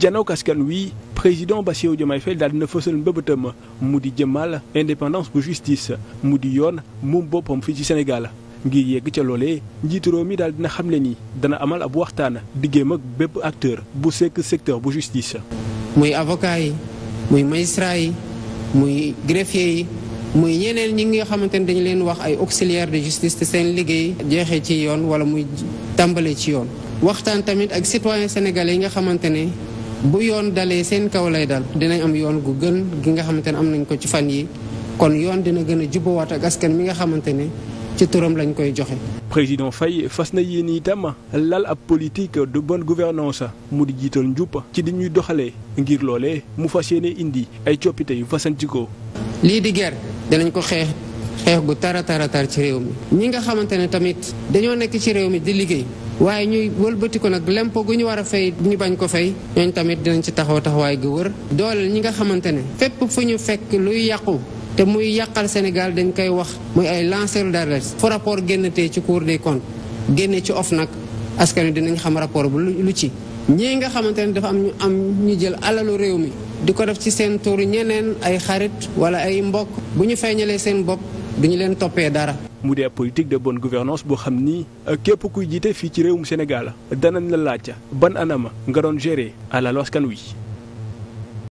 janook askan wi président Bassirou Diomaye Faye daal dina fësal mbëbëtam mu di jëmmal indépendance bu justice mu di yoon moom boppam fii ci Sénégal ngir yegg ca loole njiitu réew mi daal dina xamle nii dana amal ab waxtaan diggeem ak bépp acteur bu sekk secteur bu justice. muy avocat yi muy magistrat yi muy greffier yi muy ñeneen yi nga xamante ne dañu leen wax ay auxiliaire de justice te seen liggéey jeexee ci yoon wala muy tàmbale ci yoon. waxtaan tamit ak citoyen yi nga xamante ne bu yoon dalee seen kaw lay dal dinañ am yoon gu gën gi nga xamante ne am nañ ko ci fan yi kon yoon dina gën a jubbawaat ak askan mi nga xamante ne ci turam lañ koy joxe. président Faye fas na yéen itam lal ab politique de bonne gouvernance mu di jiital njub ci di ñuy doxalee ngir loole mu fas yéene indi ay coppite yu fasantikoo. lii di guerre danañ ko xeex xeex gu tara tara tar ci réew mi ñi nga xamante ne tamit dañoo nekk ci réew mi di liggéey. waaye ñuy wëlbatiku nag lempo gu ñu war a fay ñu bañ ko fay ñooñ tamit dinañ ci taxaw taxawaay gu wër dooleel ñi nga xamante ne fépp fu ñu fekk luy yàqu te muy yàqal Sénégal dañ koy wax muy ay lancer d'alerte fu rapport génn tey ci Cour des comptes génne ci nag askan wi dinañ xam rapport bu lu ci ñii nga xamante ne dafa am ñu am ñu jël alalu réew mi di ko def ci seen tur ñeneen ay xarit wala ay mbokk bu ñu feeñalee seen bopp duñu leen toppee dara mu dee politique de bonne gouvernance boo xam ni euh, képp kuy jiite fii ci réewum Sénégal danañ la laaj ban anama nga doon gérer alal askan wi